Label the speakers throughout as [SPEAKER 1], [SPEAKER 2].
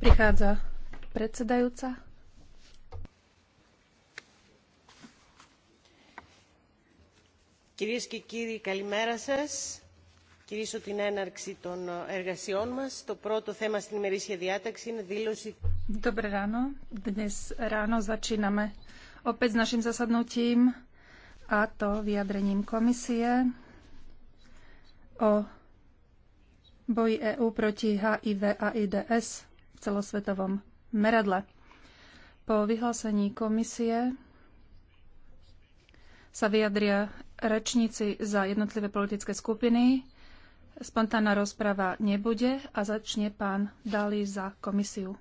[SPEAKER 1] Prichádza predsedajúca.
[SPEAKER 2] Κυρίες και κύριοι, καλημέρα σας. Κυρίσω την έναρξη των εργασιών μας. Το πρώτο θέμα στην ημερήσια διάταξη είναι δήλωση...
[SPEAKER 1] Dobré ráno. Dnes ráno začíname opäť s našim zasadnutím a to vyjadrením komisie o boji EÚ proti HIV a IDS v celosvetovom meradle. Po vyhlásení komisie sa vyjadria rečníci za jednotlivé politické skupiny. Spontánna rozprava nebude a začne pán Dali za komisiu.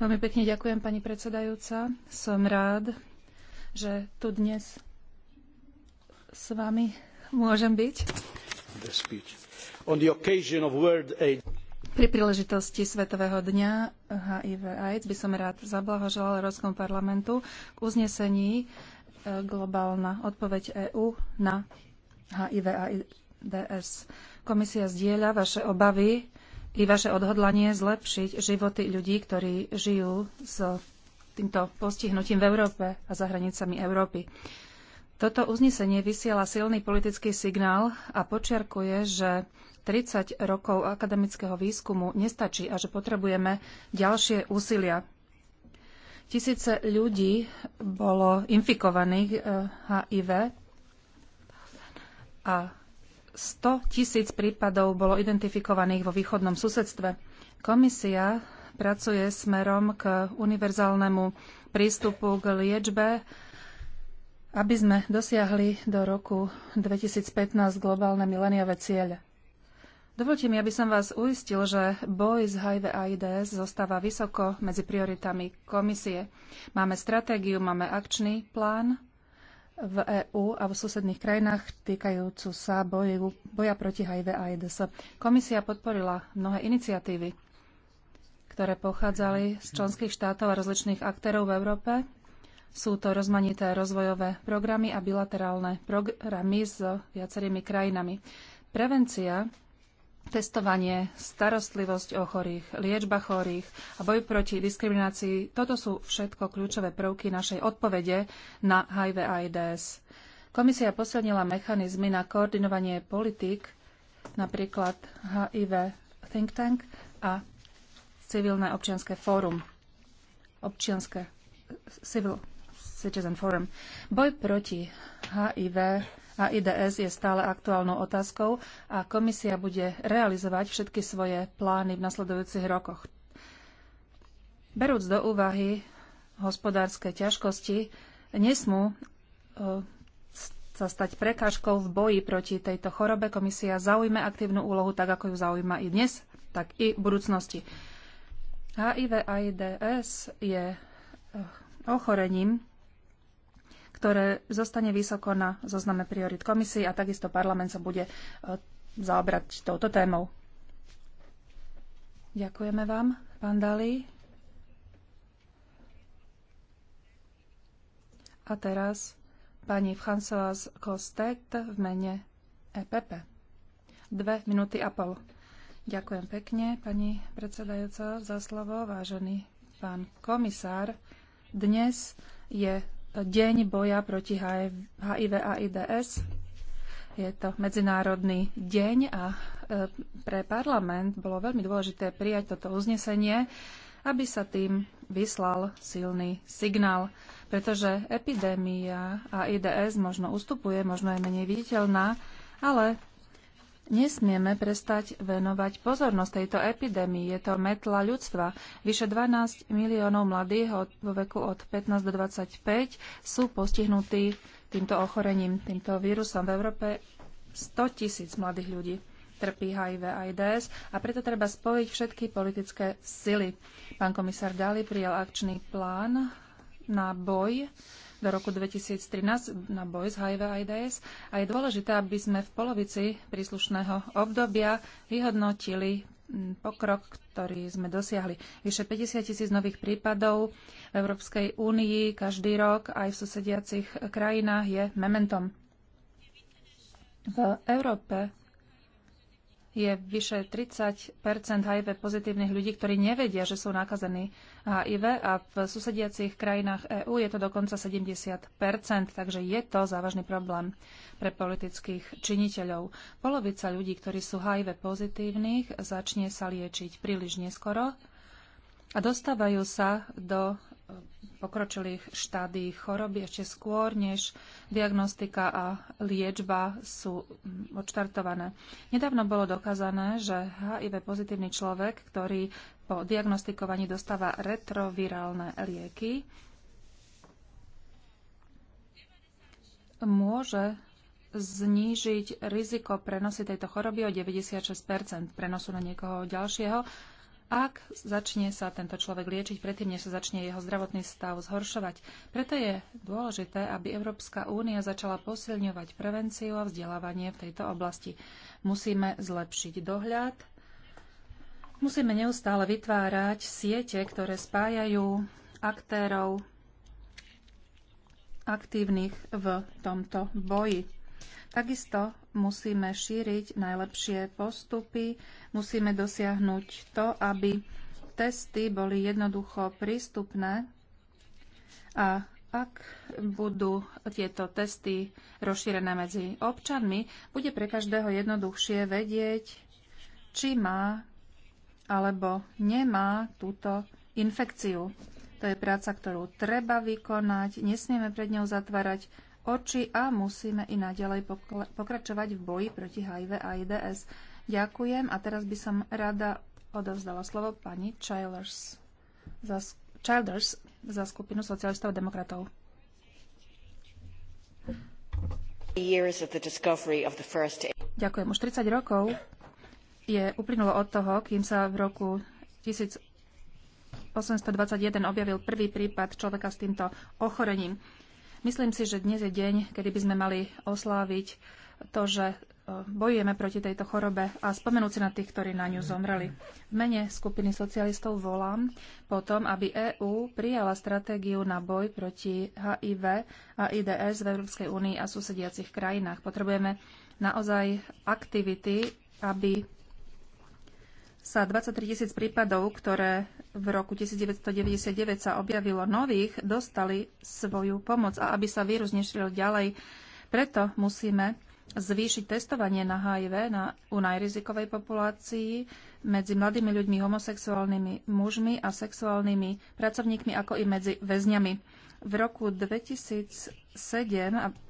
[SPEAKER 1] Veľmi pekne ďakujem, pani predsedajúca. Som rád, že tu dnes s vami môžem byť. Pri príležitosti Svetového dňa HIV AIDS by som rád zablahoželal Európskom parlamentu k uznesení e, globálna odpoveď EÚ na HIV AIDS. Komisia zdieľa vaše obavy i vaše odhodlanie zlepšiť životy ľudí, ktorí žijú s týmto postihnutím v Európe a za hranicami Európy. Toto uznesenie vysiela silný politický signál a počiarkuje, že 30 rokov akademického výskumu nestačí a že potrebujeme ďalšie úsilia. Tisíce ľudí bolo infikovaných HIV eh, a 100 tisíc prípadov bolo identifikovaných vo východnom susedstve. Komisia pracuje smerom k univerzálnemu prístupu k liečbe, aby sme dosiahli do roku 2015 globálne mileniové ciele. Dovolte mi, aby som vás uistil, že boj s HIV a AIDS zostáva vysoko medzi prioritami komisie. Máme stratégiu, máme akčný plán, v EÚ a v susedných krajinách týkajúcu sa boju, boja proti HIV a AIDS. Komisia podporila mnohé iniciatívy, ktoré pochádzali z členských štátov a rozličných aktérov v Európe. Sú to rozmanité rozvojové programy a bilaterálne programy s viacerými krajinami. Prevencia testovanie, starostlivosť o chorých, liečba chorých a boj proti diskriminácii. Toto sú všetko kľúčové prvky našej odpovede na HIV AIDS. Komisia posilnila mechanizmy na koordinovanie politik napríklad HIV Think Tank a civilné občianské fórum. Občianské Civil Citizen Forum. Boj proti HIV a IDS je stále aktuálnou otázkou a komisia bude realizovať všetky svoje plány v nasledujúcich rokoch. Berúc do úvahy hospodárske ťažkosti, nesmú e, sa stať prekážkou v boji proti tejto chorobe. Komisia zaujme aktívnu úlohu, tak ako ju zaujíma i dnes, tak i v budúcnosti. HIV AIDS je e, ochorením, ktoré zostane vysoko na zozname priorit komisii a takisto parlament sa bude e, zaobrať touto témou. Ďakujeme vám, pán Dali. A teraz pani Françoise Kostet v mene EPP. Dve minúty a pol. Ďakujem pekne, pani predsedajúca, za slovo. Vážený pán komisár, dnes je deň boja proti HIV a IDS. Je to medzinárodný deň a e, pre parlament bolo veľmi dôležité prijať toto uznesenie, aby sa tým vyslal silný signál, pretože epidémia a IDS možno ustupuje, možno je menej viditeľná, ale Nesmieme prestať venovať pozornosť tejto epidémii. Je to metla ľudstva. Vyše 12 miliónov mladých vo veku od 15 do 25 sú postihnutí týmto ochorením, týmto vírusom. V Európe 100 tisíc mladých ľudí trpí HIV a AIDS a preto treba spojiť všetky politické sily. Pán komisár Dali prijal akčný plán na boj do roku 2013 na boj s HIV a AIDS a je dôležité, aby sme v polovici príslušného obdobia vyhodnotili mm, pokrok, ktorý sme dosiahli. Vyše 50 tisíc nových prípadov v Európskej únii každý rok aj v susediacich krajinách je mementom. V Európe je vyše 30 HIV pozitívnych ľudí, ktorí nevedia, že sú nakazení HIV a v susediacich krajinách EÚ je to dokonca 70 takže je to závažný problém pre politických činiteľov. Polovica ľudí, ktorí sú HIV pozitívnych, začne sa liečiť príliš neskoro a dostávajú sa do pokročilých štádí choroby ešte skôr, než diagnostika a liečba sú odštartované. Nedávno bolo dokázané, že HIV pozitívny človek, ktorý po diagnostikovaní dostáva retrovirálne lieky, môže znížiť riziko prenosy tejto choroby o 96 prenosu na niekoho ďalšieho ak začne sa tento človek liečiť predtým, než sa začne jeho zdravotný stav zhoršovať. Preto je dôležité, aby Európska únia začala posilňovať prevenciu a vzdelávanie v tejto oblasti. Musíme zlepšiť dohľad, musíme neustále vytvárať siete, ktoré spájajú aktérov aktívnych v tomto boji. Takisto musíme šíriť najlepšie postupy, musíme dosiahnuť to, aby testy boli jednoducho prístupné a ak budú tieto testy rozšírené medzi občanmi, bude pre každého jednoduchšie vedieť, či má alebo nemá túto infekciu. To je práca, ktorú treba vykonať, nesmieme pred ňou zatvárať oči a musíme i naďalej pokračovať v boji proti HIV a IDS. Ďakujem a teraz by som rada odovzdala slovo pani Childers za, Childers za skupinu socialistov a demokratov. Ďakujem. Už 30 rokov je uplynulo od toho, kým sa v roku 1821 objavil prvý prípad človeka s týmto ochorením. Myslím si, že dnes je deň, kedy by sme mali osláviť to, že e, bojujeme proti tejto chorobe a spomenúť si na tých, ktorí na ňu zomreli. V mene skupiny socialistov volám potom, aby EÚ prijala stratégiu na boj proti HIV a IDS v Európskej únii a susediacich krajinách. Potrebujeme naozaj aktivity, aby sa 23 tisíc prípadov, ktoré v roku 1999 sa objavilo nových, dostali svoju pomoc. A aby sa vírus nešiel ďalej, preto musíme zvýšiť testovanie na HIV na, u najrizikovej populácii medzi mladými ľuďmi, homosexuálnymi mužmi a sexuálnymi pracovníkmi, ako i medzi väzňami v roku 2007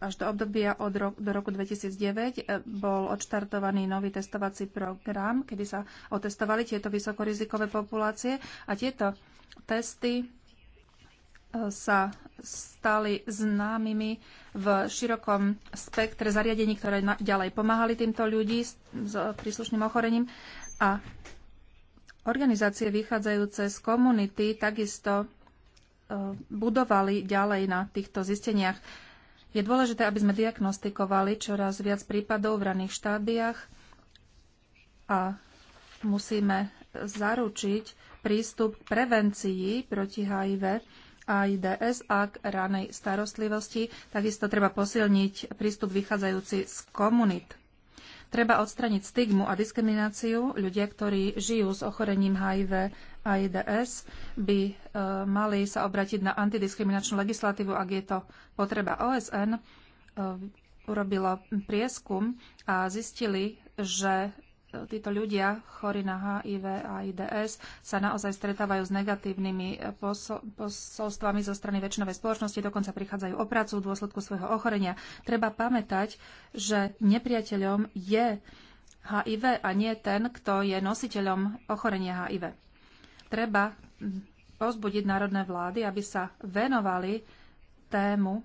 [SPEAKER 1] až do obdobia od ro- do roku 2009 e, bol odštartovaný nový testovací program, kedy sa otestovali tieto vysokorizikové populácie a tieto testy e, sa stali známymi v širokom spektre zariadení, ktoré ďalej pomáhali týmto ľudí s, s príslušným ochorením. A organizácie vychádzajúce z komunity takisto Eh, budovali ďalej na týchto zisteniach. Je dôležité, aby sme diagnostikovali čoraz viac prípadov v raných štádiách a musíme zaručiť prístup k prevencii proti HIV a IDS a k ranej starostlivosti. Takisto treba posilniť prístup vychádzajúci z komunit. Treba odstraniť stigmu a diskrimináciu ľudia, ktorí žijú s ochorením HIV AIDS by e, mali sa obratiť na antidiskriminačnú legislatívu, ak je to potreba. OSN e, urobilo prieskum a zistili, že e, títo ľudia chorí na HIV a IDS sa naozaj stretávajú s negatívnymi posolstvami zo strany väčšinovej spoločnosti, dokonca prichádzajú o prácu v dôsledku svojho ochorenia. Treba pamätať, že nepriateľom je HIV a nie ten, kto je nositeľom ochorenia HIV treba pozbudiť národné vlády, aby sa venovali tému,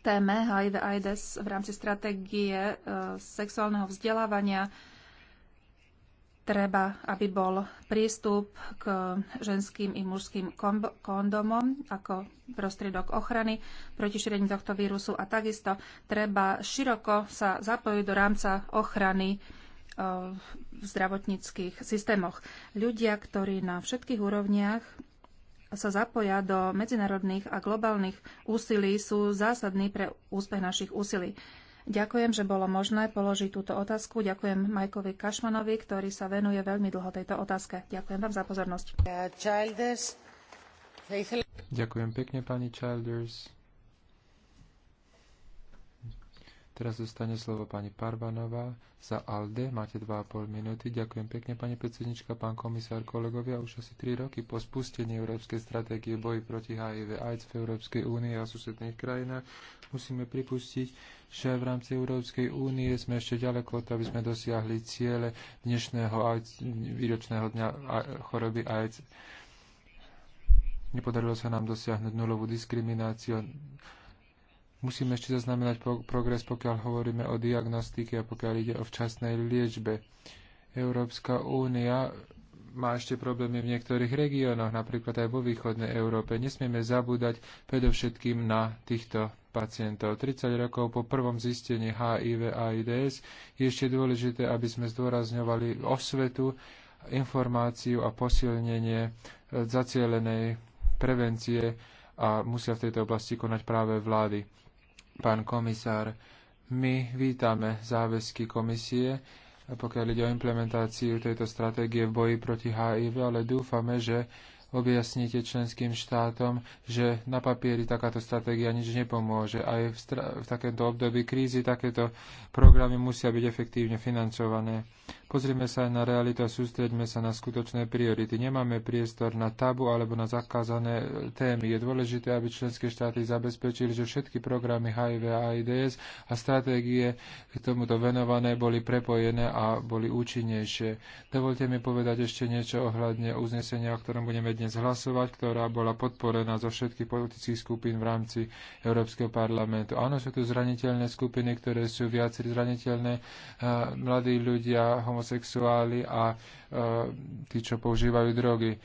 [SPEAKER 1] téme HIV AIDS v rámci stratégie e, sexuálneho vzdelávania. Treba, aby bol prístup k ženským i mužským kondomom ako prostriedok ochrany proti šíreniu tohto vírusu a takisto treba široko sa zapojiť do rámca ochrany Eh, v zdravotníckých systémoch. Ľudia, ktorí na všetkých úrovniach sa zapoja do medzinárodných a globálnych úsilí, sú zásadní pre úspech našich úsilí. Ďakujem, že bolo možné položiť túto otázku. Ďakujem Majkovi Kašmanovi, ktorý sa venuje veľmi dlho tejto otázke. Ďakujem vám za pozornosť.
[SPEAKER 2] Ďakujem pekne, pani Childers. Teraz dostane slovo pani Parvanová za ALDE. Máte 2,5 minúty. Ďakujem pekne, pani predsednička, pán komisár, kolegovia. Už asi 3 roky po spustení Európskej stratégie boji proti HIV AIDS v Európskej únie a susedných krajinách musíme pripustiť, že v rámci Európskej únie sme ešte ďaleko od toho, aby sme dosiahli ciele dnešného AIDS, výročného dňa choroby AIDS. Nepodarilo sa nám dosiahnuť nulovú diskrimináciu Musíme ešte zaznamenať progres, pokiaľ hovoríme o diagnostike a pokiaľ ide o včasnej liečbe. Európska únia má ešte problémy v niektorých regiónoch, napríklad aj vo východnej Európe. Nesmieme zabúdať predovšetkým na týchto pacientov. 30 rokov po prvom zistení HIV a AIDS je ešte dôležité, aby sme zdôrazňovali osvetu, informáciu a posilnenie e, zacielenej prevencie a musia v tejto oblasti konať práve vlády pán komisár. My vítame záväzky komisie, pokiaľ ide o implementáciu tejto stratégie v boji proti HIV, ale dúfame, že objasníte členským štátom, že na papieri takáto stratégia nič nepomôže. Aj v, v takéto období krízy takéto programy musia byť efektívne financované. Pozrieme sa na realitu a sústreďme sa na skutočné priority. Nemáme priestor na tabu alebo na zakázané témy. Je dôležité, aby členské štáty zabezpečili, že všetky programy HIV a AIDS a stratégie k tomuto venované boli prepojené a boli účinnejšie. Dovolte mi povedať ešte niečo ohľadne uznesenia, o ktorom budeme dnes hlasovať, ktorá bola podporená zo všetkých politických skupín v rámci Európskeho parlamentu. Áno, sú tu zraniteľné skupiny, ktoré sú viac zraniteľné. Mladí ľudia, homo homosexuáli a e, tí, čo používajú drogy.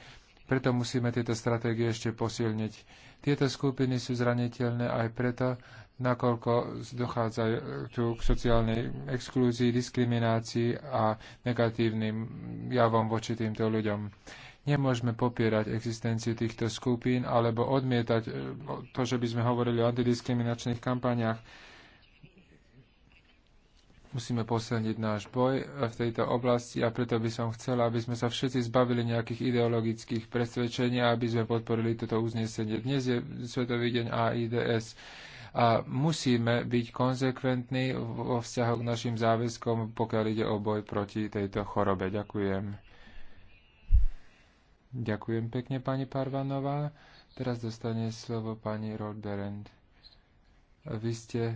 [SPEAKER 2] Preto musíme tieto stratégie ešte posilniť. Tieto skupiny sú zraniteľné aj preto, nakoľko dochádza tu k sociálnej exklúzii, diskriminácii a negatívnym javom voči týmto ľuďom. Nemôžeme popierať existenciu týchto skupín alebo odmietať e, to, že by sme hovorili o antidiskriminačných kampaniách Musíme posilniť náš boj eh, v tejto oblasti a preto by som chcela, aby sme sa všetci zbavili nejakých ideologických presvedčení a aby sme podporili toto uznesenie. Dnes je Svetový deň AIDS a musíme byť konzekventní vo vzťahu k našim záväzkom, pokiaľ ide o boj proti tejto chorobe. Ďakujem. Ďakujem pekne, pani Parvanová. Teraz dostane slovo pani Rodberend. Vy ste e,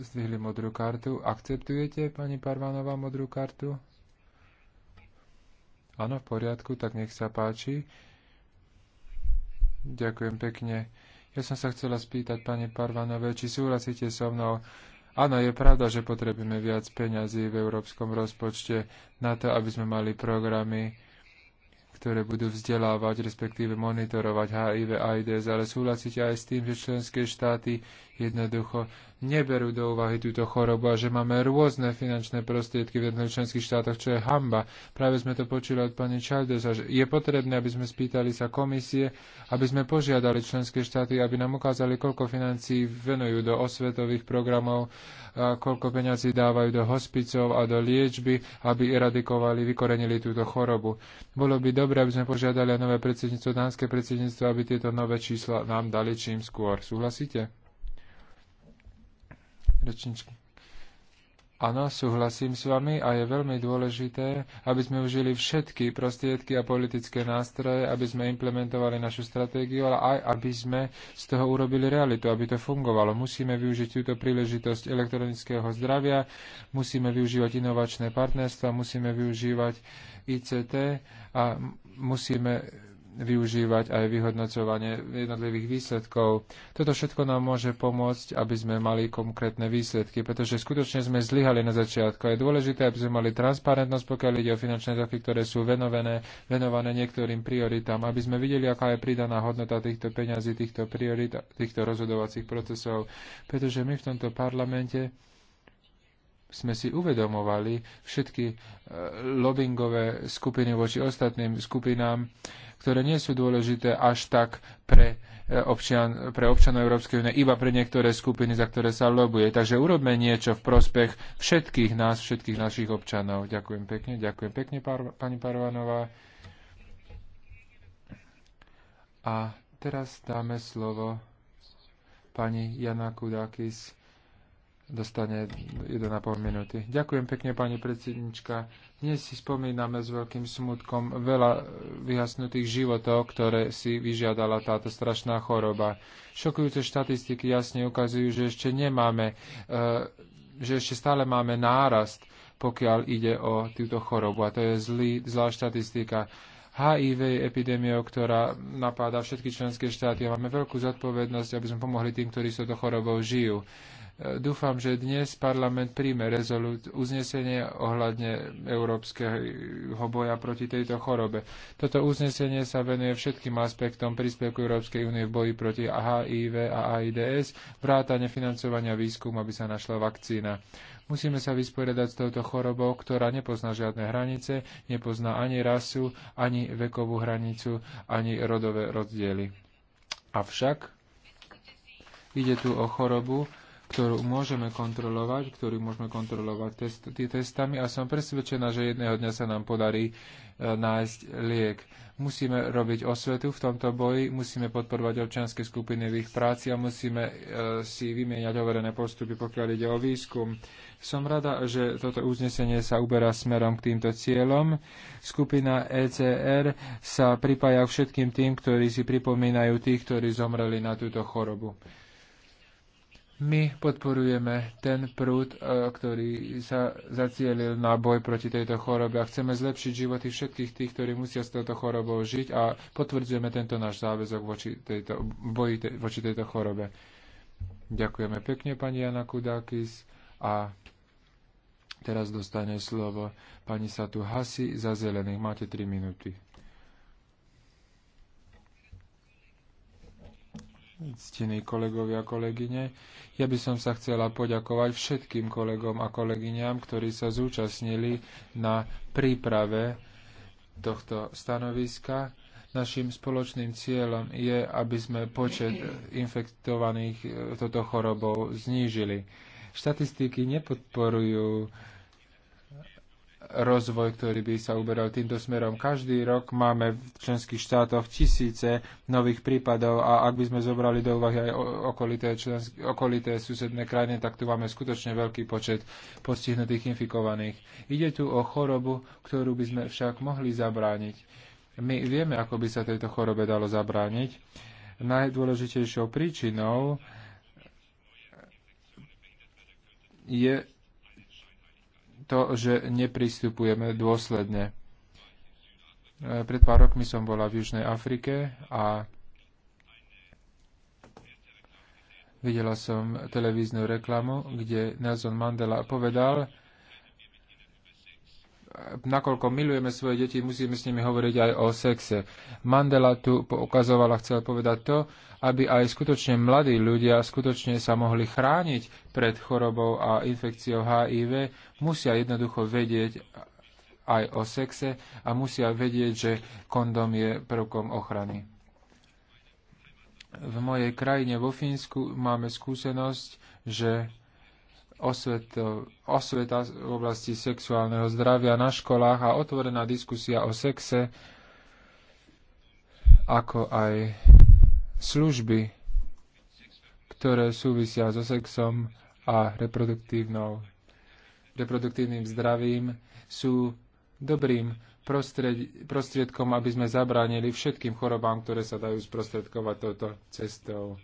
[SPEAKER 2] zdvihli modrú kartu. Akceptujete, pani Parvanová, modrú kartu? Áno, v poriadku, tak nech sa páči. Ďakujem pekne. Ja som sa chcela spýtať pani Parvanové, či súhlasíte so mnou. Áno, je pravda, že potrebujeme viac peňazí v európskom rozpočte na to, aby sme mali programy, ktoré budú vzdelávať, respektíve monitorovať HIV AIDS, ale súhlasíte aj s tým, že členské štáty jednoducho neberú do úvahy túto chorobu a že máme rôzne finančné prostriedky v jednotlivých členských štátoch, čo je hamba. Práve sme to počuli od pani Čaldesa, že je potrebné, aby sme spýtali sa komisie, aby sme požiadali členské štáty, aby nám ukázali, koľko financií venujú do osvetových programov, a koľko peňazí dávajú do hospicov a do liečby, aby eradikovali, vykorenili túto chorobu. Bolo by dobré, aby sme požiadali nové predsedníctvo, dánske predsedníctvo, aby tieto nové čísla nám dali čím skôr. Súhlasíte? Rečničky. Áno, súhlasím s vami a je veľmi dôležité, aby sme užili všetky prostriedky a politické nástroje, aby sme implementovali našu stratégiu, ale aj aby sme z toho urobili realitu, aby to fungovalo. Musíme využiť túto príležitosť elektronického zdravia, musíme využívať inovačné partnerstva, musíme využívať ICT a musíme využívať aj vyhodnocovanie jednotlivých výsledkov. Toto všetko nám môže pomôcť, aby sme mali konkrétne výsledky, pretože skutočne sme zlyhali na začiatku. Je dôležité, aby sme mali transparentnosť, pokiaľ ide o finančné toky, ktoré sú venované, venované niektorým prioritám, aby sme videli, aká je pridaná hodnota týchto peňazí, týchto priorit, týchto rozhodovacích procesov, pretože my v tomto parlamente sme si uvedomovali všetky e, lobbyingové skupiny voči ostatným skupinám, ktoré nie sú dôležité až tak pre, e, občan, pre občanov Európskej únie, iba pre niektoré skupiny, za ktoré sa lobuje. Takže urobme niečo v prospech všetkých nás, všetkých našich občanov. Ďakujem pekne, ďakujem pekne, pár, pani Parvanová. A teraz dáme slovo pani Jana Kudakis dostane 1,5 minúty. Ďakujem pekne, pani predsednička. Dnes si spomíname s veľkým smutkom veľa vyhasnutých životov, ktoré si vyžiadala táto strašná choroba. Šokujúce štatistiky jasne ukazujú, že ešte nemáme, eh, že ešte stále máme nárast, pokiaľ ide o túto chorobu. A to je zlý, zlá štatistika. HIV je epidémiou, ktorá napáda všetky členské štáty a máme veľkú zodpovednosť, aby sme pomohli tým, ktorí so to chorobou žijú. Dúfam, že dnes parlament príjme rezolút uznesenie ohľadne európskeho boja proti tejto chorobe. Toto uznesenie sa venuje všetkým aspektom príspevku Európskej únie v boji proti HIV a AIDS, vrátane financovania výskumu, aby sa našla vakcína. Musíme sa vysporiadať s touto chorobou, ktorá nepozná žiadne hranice, nepozná ani rasu, ani vekovú hranicu, ani rodové rozdiely. Avšak ide tu o chorobu, ktorú môžeme kontrolovať, ktorú môžeme kontrolovať test, tý testami a som presvedčená, že jedného dňa sa nám podarí e, nájsť liek. Musíme robiť osvetu v tomto boji, musíme podporovať občianske skupiny v ich práci a musíme e, si vymieňať overené postupy, pokiaľ ide o výskum. Som rada, že toto uznesenie sa uberá smerom k týmto cieľom. Skupina ECR sa pripája všetkým tým, ktorí si pripomínajú tých, ktorí zomreli na túto chorobu. My podporujeme ten prúd, e, ktorý sa zacielil na boj proti tejto chorobe a chceme zlepšiť životy všetkých tých, ktorí musia s touto chorobou žiť a potvrdzujeme tento náš záväzok voči tejto, boji te, voči tejto chorobe. Ďakujeme pekne, pani Jana Kudákis. A teraz dostane slovo pani Satu Hasi za zelených. Máte 3 minúty. ctení kolegovia a kolegyne. Ja by som sa chcela poďakovať všetkým kolegom a kolegyňam, ktorí sa zúčastnili na príprave tohto stanoviska. Našim spoločným cieľom je, aby sme počet infektovaných e, toto chorobou znížili. Štatistiky nepodporujú rozvoj, ktorý by sa uberal týmto smerom. Každý rok máme v členských štátoch tisíce nových prípadov a ak by sme zobrali do úvahy aj okolité, členské, okolité susedné krajiny, tak tu máme skutočne veľký počet postihnutých infikovaných. Ide tu o chorobu, ktorú by sme však mohli zabrániť. My vieme, ako by sa tejto chorobe dalo zabrániť. Najdôležitejšou príčinou je to, že nepristupujeme dôsledne. E, pred pár rokmi som bola v Južnej Afrike a videla som televíznu reklamu, kde Nelson Mandela povedal, nakoľko milujeme svoje deti, musíme s nimi hovoriť aj o sexe. Mandela tu poukazovala, chcela povedať to, aby aj skutočne mladí ľudia skutočne sa mohli chrániť pred chorobou a infekciou HIV, musia jednoducho vedieť aj o sexe a musia vedieť, že kondom je prvkom ochrany. V mojej krajine vo Fínsku máme skúsenosť, že osvet osveta v oblasti sexuálneho zdravia na školách a otvorená diskusia o sexe, ako aj služby, ktoré súvisia so sexom a reproduktívnou, reproduktívnym zdravím, sú dobrým prostriedkom, aby sme zabránili všetkým chorobám, ktoré sa dajú sprostredkovať touto cestou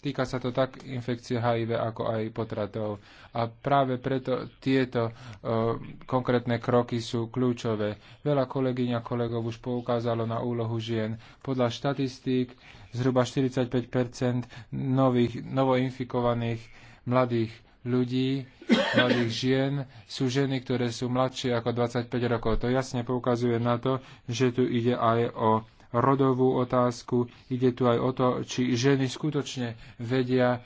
[SPEAKER 2] Týka sa to tak infekcie HIV, ako aj potratov. A práve preto tieto e, konkrétne kroky sú kľúčové. Veľa kolegyň a kolegov už poukázalo na úlohu žien. Podľa štatistík zhruba 45 nových, novoinfikovaných mladých ľudí, mladých žien, sú ženy, ktoré sú mladšie ako 25 rokov. To jasne poukazuje na to, že tu ide aj o rodovú otázku, ide tu aj o to, či ženy skutočne vedia, e,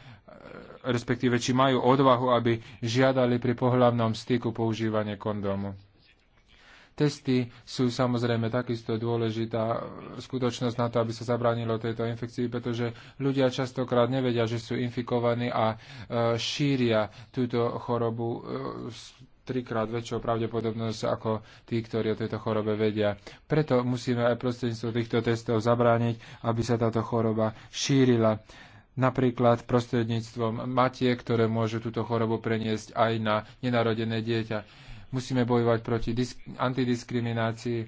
[SPEAKER 2] respektíve či majú odvahu, aby žiadali pri pohľavnom styku používanie kondómu. Testy sú samozrejme takisto dôležitá e, skutočnosť na to, aby sa zabránilo tejto infekcii, pretože ľudia častokrát nevedia, že sú infikovaní a e, šíria túto chorobu trikrát väčšou pravdepodobnosť ako tí, ktorí o tejto chorobe vedia. Preto musíme aj prostredníctvom týchto testov zabrániť, aby sa táto choroba šírila napríklad prostredníctvom matie, ktoré môžu túto chorobu preniesť aj na nenarodené dieťa. Musíme bojovať proti antidiskriminácii. E,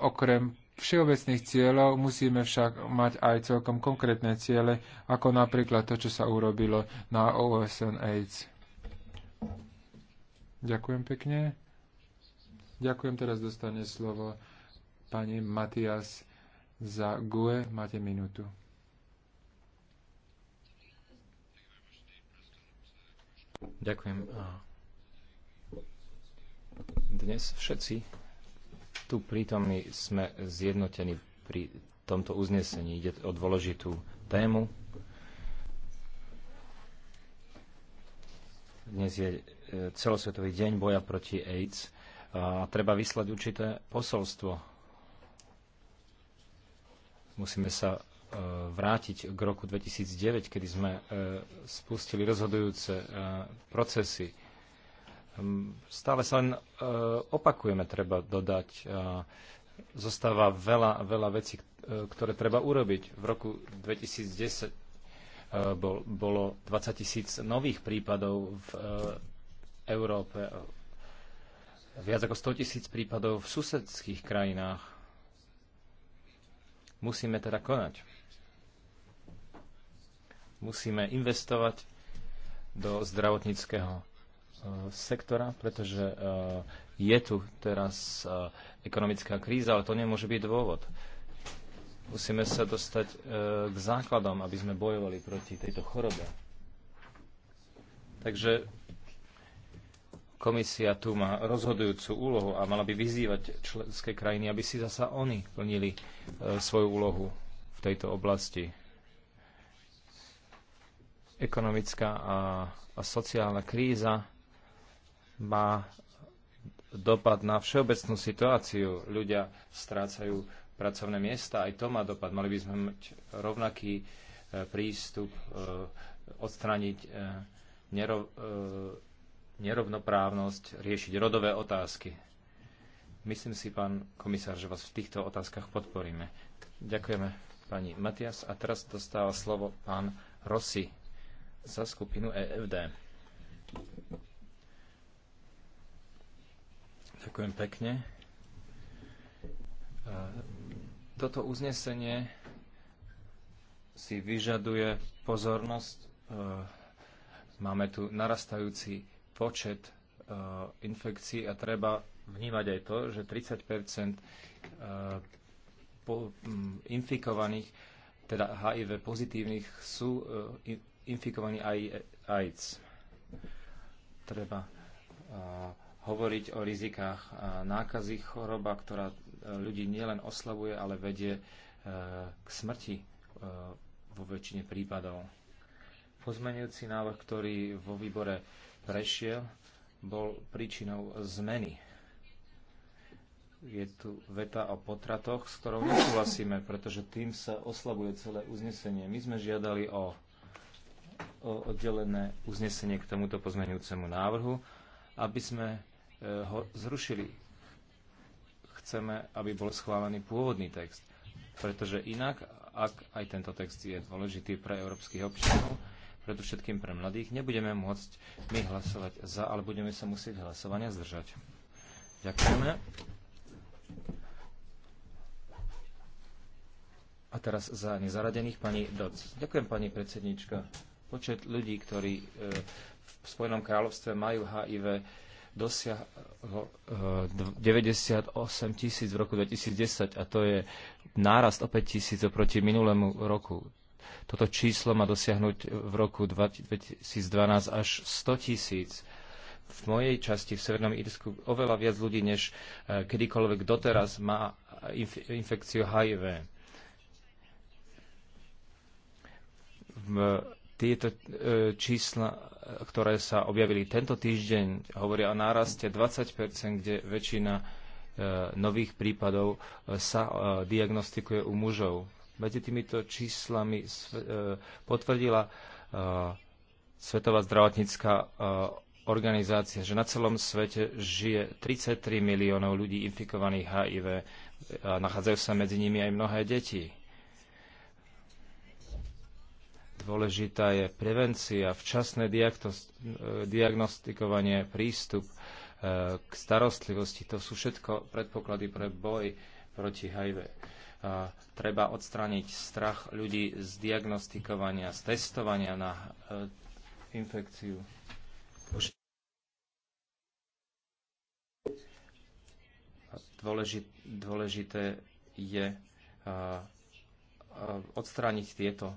[SPEAKER 2] okrem všeobecných cieľov musíme však mať aj celkom konkrétne ciele, ako napríklad to, čo sa urobilo na OSN AIDS. Ďakujem pekne. Ďakujem, teraz dostane slovo pani Matias za GUE. Máte minútu.
[SPEAKER 3] Ďakujem. Dnes všetci tu prítomní sme zjednotení pri tomto uznesení. Ide o dôležitú tému. Dnes je e, celosvetový deň boja proti AIDS a treba vyslať určité posolstvo. Musíme sa e, vrátiť k roku 2009, kedy sme e, spustili rozhodujúce procesy. Hm, stále sa len opakujeme, treba dodať. Zostáva veľa, veľa vecí, ktoré treba urobiť. V roku 2010 Eh, bol, bolo 20 tisíc nových prípadov v eh, Európe, eh, viac ako 100 tisíc prípadov v susedských krajinách. Musíme teda konať. Musíme investovať do zdravotníckého sektora, pretože je tu teraz ekonomická kríza, ale to nemôže byť dôvod. Musíme sa dostať e, k základom, aby sme bojovali proti tejto chorobe. Takže komisia tu má rozhodujúcu úlohu a mala by vyzývať členské krajiny, aby si zasa oni plnili e, svoju úlohu v tejto oblasti. Ekonomická a, a sociálna kríza má dopad na všeobecnú situáciu. Ľudia strácajú pracovné miesta, aj to má dopad. Mali by sme mať rovnaký e, prístup, e, odstrániť e, nerov, nerovnoprávnosť, riešiť rodové otázky. Myslím si, pán komisár, že vás v týchto otázkach podporíme. Ďakujeme pani Matias. A teraz dostáva slovo pán Rossi za skupinu EFD. Ďakujem pekne toto uznesenie si vyžaduje pozornosť. E, máme tu narastajúci počet e, infekcií a treba vnímať aj to, že 30 e, infikovaných, teda HIV pozitívnych, sú infikovaní aj AIDS. Treba hovoriť o rizikách nákazy, choroba, ktorá ľudí nielen oslavuje, ale vedie e, k smrti e, vo väčšine prípadov. Pozmenujúci návrh, ktorý vo výbore prešiel, bol príčinou zmeny. Je tu veta o potratoch, s ktorou nesúhlasíme, pretože tým sa oslabuje celé uznesenie. My sme žiadali o, o oddelené uznesenie k tomuto pozmenujúcemu návrhu, aby sme e, ho zrušili chceme, aby bol schválený pôvodný text. Pretože inak, ak aj tento text je dôležitý pre európskych občanov, predovšetkým pre mladých, nebudeme môcť my hlasovať za, ale budeme sa musieť hlasovania zdržať. Ďakujeme. A teraz za nezaradených pani Doc. Ďakujem pani predsednička. Počet ľudí, ktorí e, v Spojenom kráľovstve majú HIV, dosiahlo 98 eh, tisíc v roku 2010 a to je nárast o 5 tisíc oproti minulému roku. Toto číslo má dosiahnuť v roku 2012 až 100 tisíc. V mojej časti v Severnom Írsku oveľa viac ľudí, než eh, kedykoľvek doteraz má inf- infekciu HIV. V tieto eh, čísla ktoré sa objavili tento týždeň, hovoria o náraste 20 kde väčšina e, nových prípadov e, sa e, diagnostikuje u mužov. Medzi týmito číslami potvrdila Svetová zdravotnícká organizácia, že na celom svete žije 33 miliónov ľudí infikovaných HIV a nachádzajú sa medzi nimi aj mnohé deti. Dôležitá je prevencia, včasné e, diagnostikovanie, prístup e, k starostlivosti. To sú všetko predpoklady pre boj proti HIV. A treba odstrániť strach ľudí z diagnostikovania, z testovania na e, infekciu. Dôležité je odstrániť tieto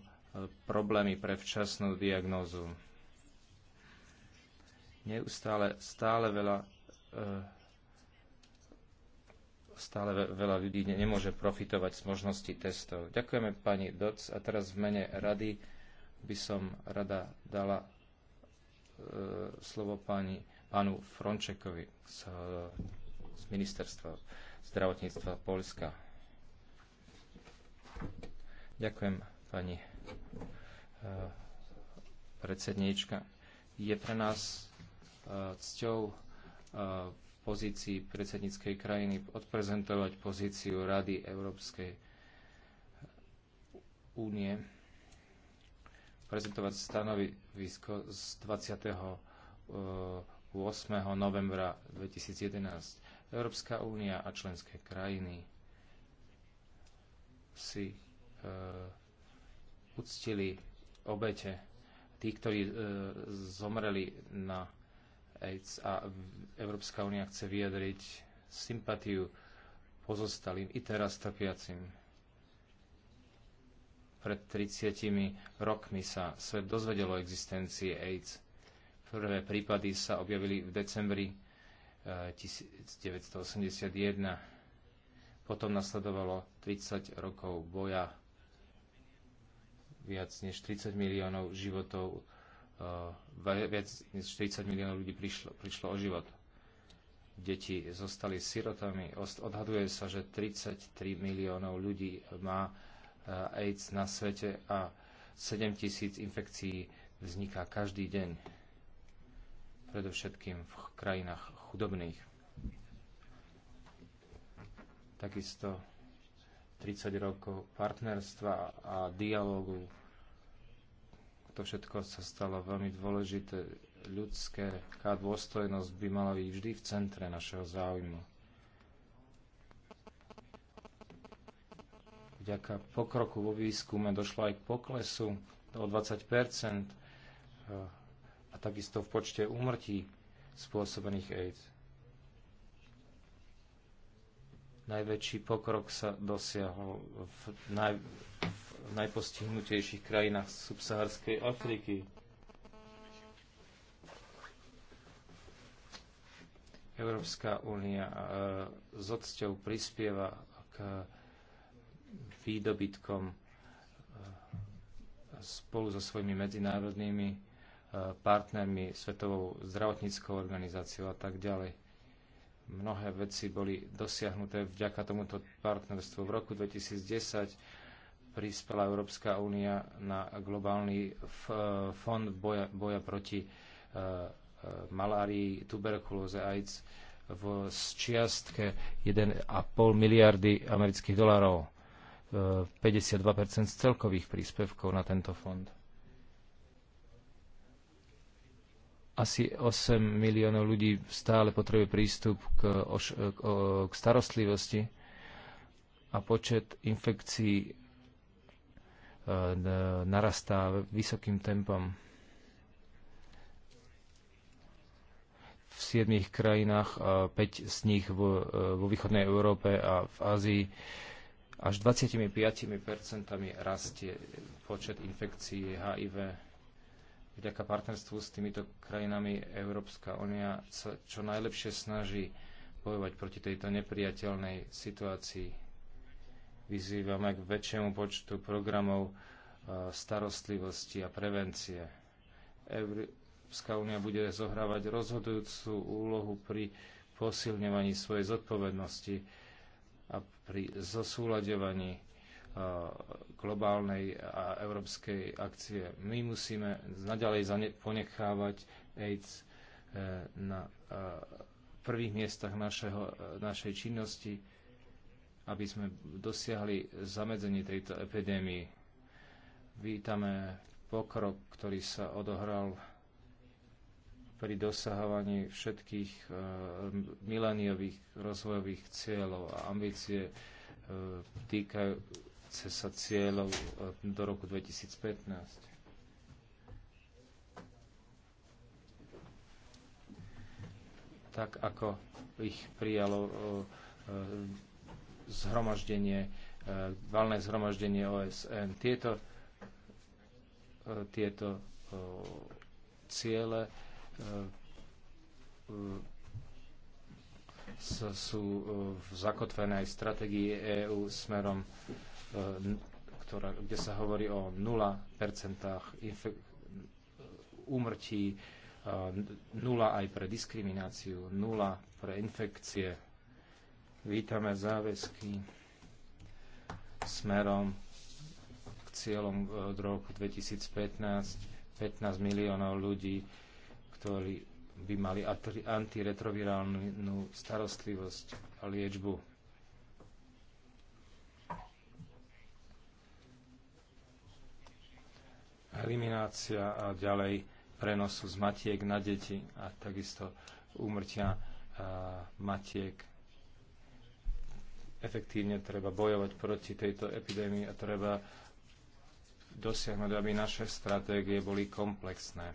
[SPEAKER 3] problémy pre včasnú diagnózu. Neustále stále veľa e, stále veľa ľudí nemôže profitovať z možností testov. Ďakujeme pani Doc a teraz v mene rady by som rada dala e, slovo pani, pánu Frončekovi z, z ministerstva zdravotníctva Polska. Ďakujem, pani Ehm, predsedníčka. Je pre nás ehm, cťou ehm, v pozícii predsedníckej krajiny odprezentovať pozíciu Rady Európskej únie, prezentovať stanovisko z 20. 8. novembra 2011 Európska únia a členské krajiny si uctili obete, tí, ktorí e, zomreli na AIDS a Európska únia chce vyjadriť sympatiu pozostalým i teraz trpiacim. Pred 30 rokmi sa svet dozvedelo o existencii AIDS. Prvé prípady sa objavili v decembri 1981. E, Potom nasledovalo 30 rokov boja viac než 30 miliónov životov, e, viac než 40 miliónov ľudí prišlo, prišlo o život. Deti zostali sirotami. Odhaduje sa, že 33 miliónov ľudí má e, AIDS na svete a 7 tisíc infekcií vzniká každý deň, predovšetkým v krajinách chudobných. Takisto 30 rokov partnerstva a dialogu. To všetko sa stalo veľmi dôležité. Ľudské dôstojnosť by mala byť vždy v centre našeho záujmu. Vďaka pokroku vo výskume došlo aj k poklesu o 20 eh, a takisto v počte úmrtí spôsobených AIDS Najväčší pokrok sa dosiahol v, naj, v najpostihnutejších krajinách subsaharskej Afriky. Európska únia e, s odsťou prispieva k výdobytkom e, spolu so svojimi medzinárodnými e, partnermi, Svetovou zdravotníckou organizáciou a tak ďalej. Mnohé veci boli dosiahnuté vďaka tomuto partnerstvu. V roku 2010 prispela Európska únia na globálny fond boja, boja proti e, e, malárii, tuberkulóze, AIDS v čiastke 1,5 miliardy amerických dolárov, 52% e, z celkových príspevkov na tento fond. asi 8 miliónov ľudí stále potrebuje prístup k, oš, k, k starostlivosti a počet infekcií e, narastá vysokým tempom. V 7 krajinách, 5 z nich vo, e, vo východnej Európe a v Ázii, až 25% rastie počet infekcií HIV vďaka partnerstvu s týmito krajinami Európska únia sa čo najlepšie snaží bojovať proti tejto nepriateľnej situácii. Vyzývame k väčšiemu počtu programov e, starostlivosti a prevencie. Európska únia bude zohrávať rozhodujúcu úlohu pri posilňovaní svojej zodpovednosti a pri zosúľaďovaní Eh, globálnej a európskej akcie. My musíme naďalej ponechávať AIDS eh, na eh, prvých miestach našeho, našej činnosti, aby sme dosiahli zamedzenie tejto epidémii. Vítame pokrok, ktorý sa odohral pri dosahovaní všetkých mileniových rozvojových cieľov a ambície týkajú týkajúce sa cieľov e, do roku 2015. Tak ako ich prijalo e, e, zhromaždenie, valné zhromaždenie OSN. Tieto, tieto ciele sú zakotvené aj v stratégii EÚ smerom E, ktorá, kde sa hovorí o 0% úmrtí, 0 e, aj pre diskrimináciu, 0 pre infekcie. Vítame záväzky smerom k cieľom e, od roku 2015 15 miliónov ľudí, ktorí by mali antiretrovirálnu starostlivosť a liečbu eliminácia a ďalej prenosu z matiek na deti a takisto úmrtia matiek. Efektívne treba bojovať proti tejto epidémii a treba dosiahnuť, aby naše stratégie boli komplexné.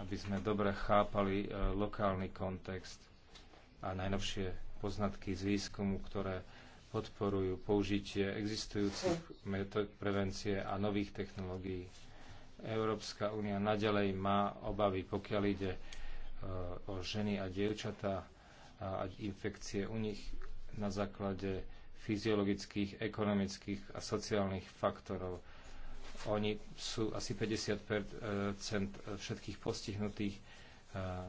[SPEAKER 3] Aby sme dobre chápali e, lokálny kontext a najnovšie poznatky z výskumu, ktoré podporujú použitie existujúcich metód prevencie a nových technológií. Európska únia nadalej má obavy, pokiaľ ide e, o ženy a dievčatá a infekcie u nich na základe fyziologických, ekonomických a sociálnych faktorov. Oni sú asi 50 všetkých postihnutých e,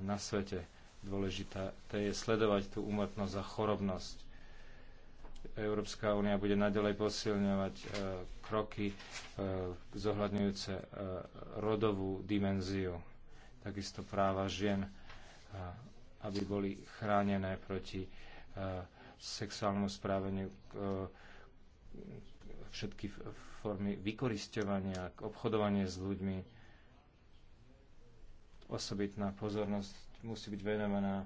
[SPEAKER 3] na svete. Dôležité je sledovať tú úmrtnosť a chorobnosť Európska únia bude naďalej posilňovať e, kroky e, zohľadňujúce e, rodovú dimenziu, takisto práva žien, aby boli chránené proti sexuálnemu správeniu všetky formy vykoristovania, obchodovanie s ľuďmi. Osobitná pozornosť musí byť venovaná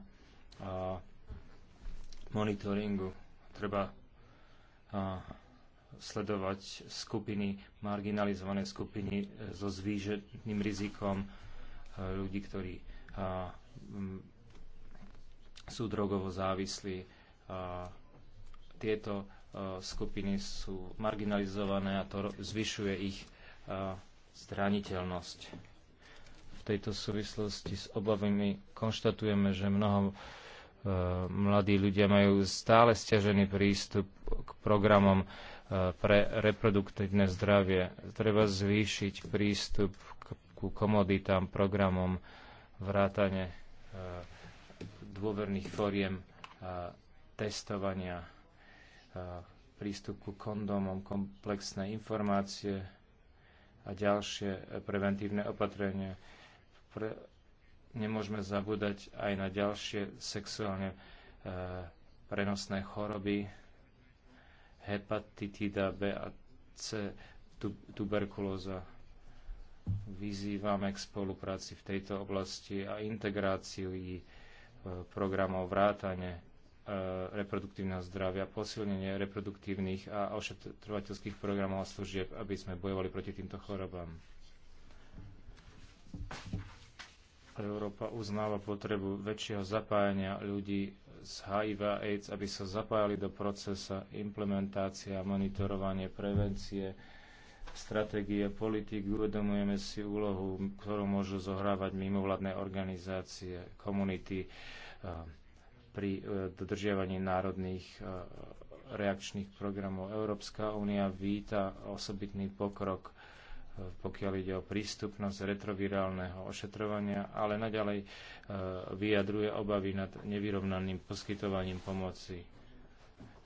[SPEAKER 3] monitoringu. Treba sledovať skupiny, marginalizované skupiny e, so zvýšeným rizikom e, ľudí, ktorí e, sú drogovo závislí. Tieto skupiny sú marginalizované a to zvyšuje ich zraniteľnosť. V tejto súvislosti s obavami konštatujeme, že mnoho E, mladí ľudia majú stále stiažený prístup k programom e, pre reproduktívne zdravie. Treba zvýšiť prístup k, komoditám, programom, vrátane e, dôverných fóriem testovania, prístup ku kondómom, komplexné informácie a ďalšie preventívne opatrenia. Pre, nemôžeme zabúdať aj na ďalšie sexuálne e, prenosné choroby, hepatitida B a C, tu, tuberkulóza. Vyzývame k spolupráci v tejto oblasti a integráciu i e, programov vrátane e, reproduktívneho zdravia, posilnenie reproduktívnych a ošetrovateľských programov a služieb, aby sme bojovali proti týmto chorobám. Európa uznáva potrebu väčšieho zapájania ľudí z HIV a AIDS, aby sa zapájali do procesa implementácia, monitorovanie, prevencie, stratégie, politik. Uvedomujeme si úlohu, ktorú môžu zohrávať mimovládne organizácie, komunity e, pri e, dodržiavaní národných e, reakčných programov. Európska únia víta osobitný pokrok pokiaľ ide o prístupnosť retrovirálneho ošetrovania, ale naďalej e, vyjadruje obavy nad nevyrovnaným poskytovaním pomoci.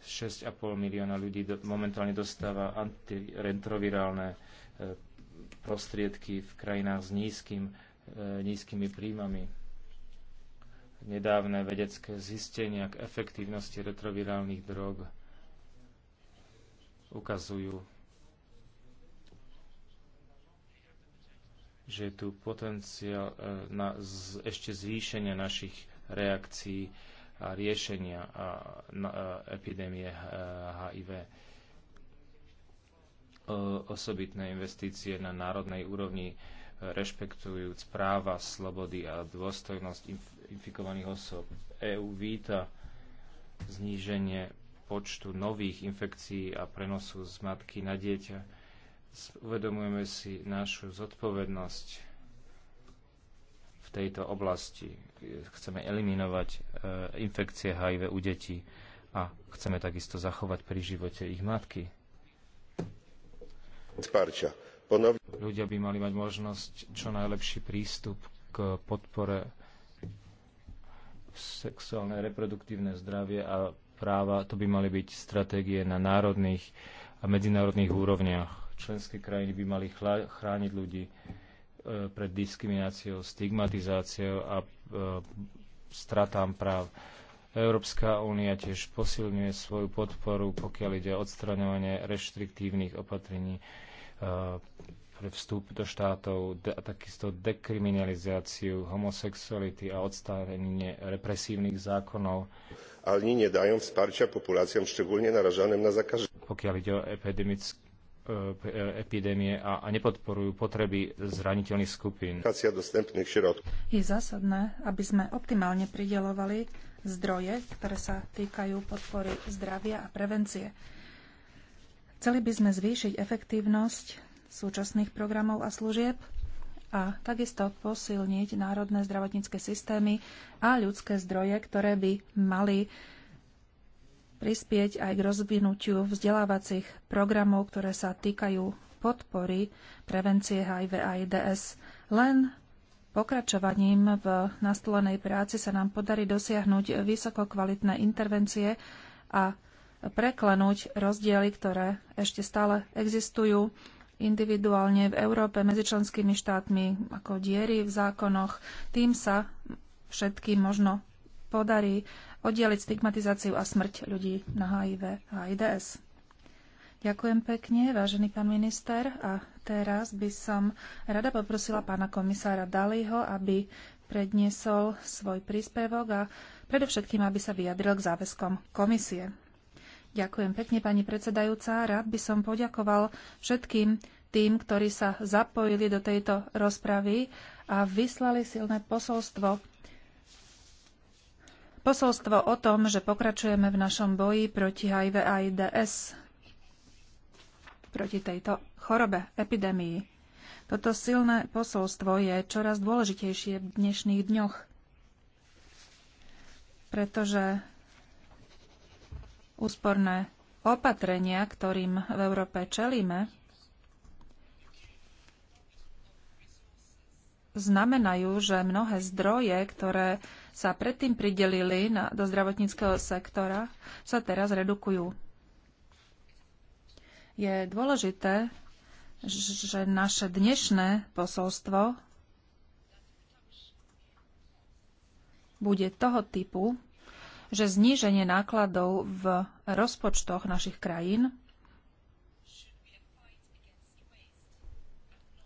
[SPEAKER 3] 6,5 milióna ľudí momentálne dostáva antiretrovirálne e, prostriedky v krajinách s nízkym, e, nízkymi príjmami. Nedávne vedecké zistenia k efektívnosti retrovirálnych drog ukazujú že je tu potenciál e, na ešte zvýšenie našich reakcií a riešenia a, na, a e, epidémie e, HIV. Osobitné investície na národnej úrovni rešpektujúc práva, slobody a dôstojnosť infikovaných osob. EÚ víta zníženie počtu nových infekcií a prenosu z matky na dieťa Uvedomujeme si našu zodpovednosť v tejto oblasti. Chceme eliminovať e, infekcie HIV u detí a chceme takisto zachovať pri živote ich matky. Ľudia by mali mať možnosť čo najlepší prístup k podpore sexuálne reproduktívne zdravie a práva, to by mali byť stratégie na národných a medzinárodných úrovniach členské krajiny by mali chrániť ľudí e, pred diskrimináciou, stigmatizáciou a e, stratám práv. Európska únia tiež posilňuje svoju podporu, pokiaľ ide o odstraňovanie reštriktívnych opatrení e, pre vstup do štátov a takisto dekriminalizáciu homosexuality a odstránenie represívnych zákonov. Ale nie dajú vzparčia populáciám, štególne naražaným na zakaženie. Pokiaľ ide o epidemický. Eh, epidémie a, a nepodporujú potreby zraniteľných skupín.
[SPEAKER 1] Je zásadné, aby sme optimálne pridelovali zdroje, ktoré sa týkajú podpory zdravia a prevencie. Chceli by sme zvýšiť efektívnosť súčasných programov a služieb a takisto posilniť národné zdravotnícke systémy a ľudské zdroje, ktoré by mali prispieť aj k rozvinutiu vzdelávacích programov, ktoré sa týkajú podpory prevencie HIV a AIDS. Len pokračovaním v nastolenej práci sa nám podarí dosiahnuť vysokokvalitné intervencie a preklenúť rozdiely, ktoré ešte stále existujú individuálne v Európe medzi členskými štátmi ako diery v zákonoch. Tým sa všetkým možno podarí oddeliť stigmatizáciu a smrť ľudí na HIV a AIDS. Ďakujem pekne, vážený pán minister. A teraz by som rada poprosila pána komisára Daliho, aby predniesol svoj príspevok a predovšetkým, aby sa vyjadril k záväzkom komisie. Ďakujem pekne, pani predsedajúca. Rád by som poďakoval všetkým tým, ktorí sa zapojili do tejto rozpravy a vyslali silné posolstvo Posolstvo o tom, že pokračujeme v našom boji proti HIV a IDS, proti tejto chorobe, epidémii. Toto silné posolstvo je čoraz dôležitejšie v dnešných dňoch, pretože úsporné opatrenia, ktorým v Európe čelíme, znamenajú, že mnohé zdroje, ktoré sa predtým pridelili na, do zdravotníckého sektora, sa teraz redukujú. Je dôležité, že naše dnešné posolstvo bude toho typu, že zníženie nákladov v rozpočtoch našich krajín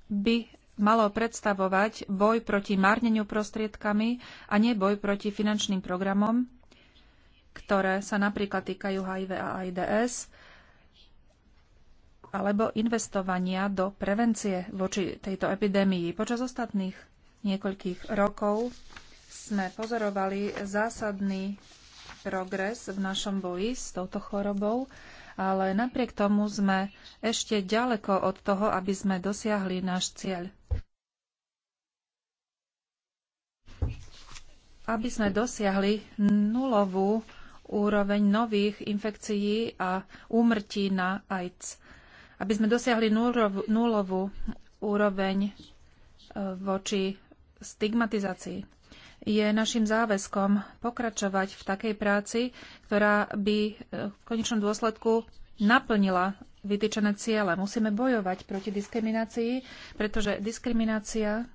[SPEAKER 1] by malo predstavovať boj proti márneniu prostriedkami a nie boj proti finančným programom, ktoré sa napríklad týkajú HIV a AIDS, alebo investovania do prevencie voči tejto epidémii. Počas ostatných niekoľkých rokov sme pozorovali zásadný progres v našom boji s touto chorobou, ale napriek tomu sme ešte ďaleko od toho, aby sme dosiahli náš cieľ. aby sme dosiahli nulovú úroveň nových infekcií a úmrtí na AIDS. Aby sme dosiahli nulovú, úroveň e, voči stigmatizácii. Je našim záväzkom pokračovať v takej práci, ktorá by e, v konečnom dôsledku naplnila vytýčené ciele. Musíme bojovať proti diskriminácii, pretože diskriminácia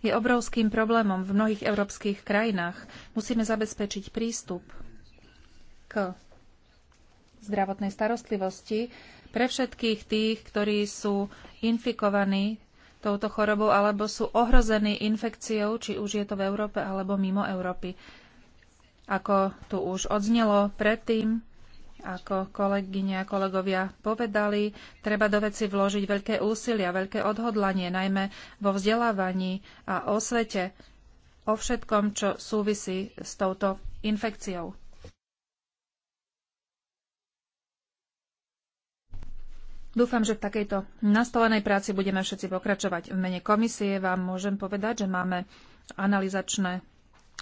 [SPEAKER 1] je obrovským problémom v mnohých európskych krajinách. Musíme zabezpečiť prístup k zdravotnej starostlivosti pre všetkých tých, ktorí sú infikovaní touto chorobou alebo sú ohrození infekciou, či už je to v Európe alebo mimo Európy. Ako tu už odznelo predtým, ako kolegyne a kolegovia povedali, treba do veci vložiť veľké úsilia, veľké odhodlanie, najmä vo vzdelávaní a osvete o všetkom, čo súvisí s touto infekciou. Dúfam, že v takejto nastolenej práci budeme všetci pokračovať. V mene komisie vám môžem povedať, že máme analyzačné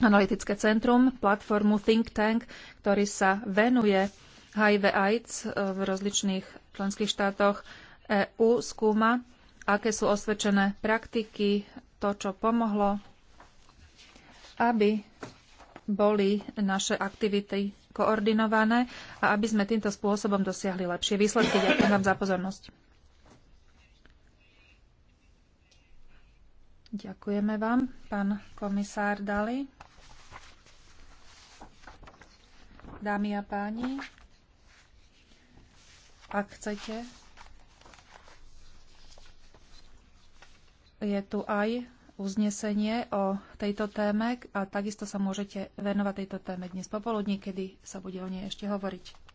[SPEAKER 1] analytické centrum, platformu Think Tank, ktorý sa venuje HIV AIDS e, v rozličných členských štátoch EU skúma, aké sú osvedčené praktiky, to, čo pomohlo, aby boli naše aktivity koordinované a aby sme týmto spôsobom dosiahli lepšie výsledky. Ďakujem vám za pozornosť. Ďakujeme vám, pán komisár Dali. Dámy a páni, ak chcete. Je tu aj uznesenie o tejto téme a takisto sa môžete venovať tejto téme dnes popoludní, kedy sa bude o nej ešte hovoriť.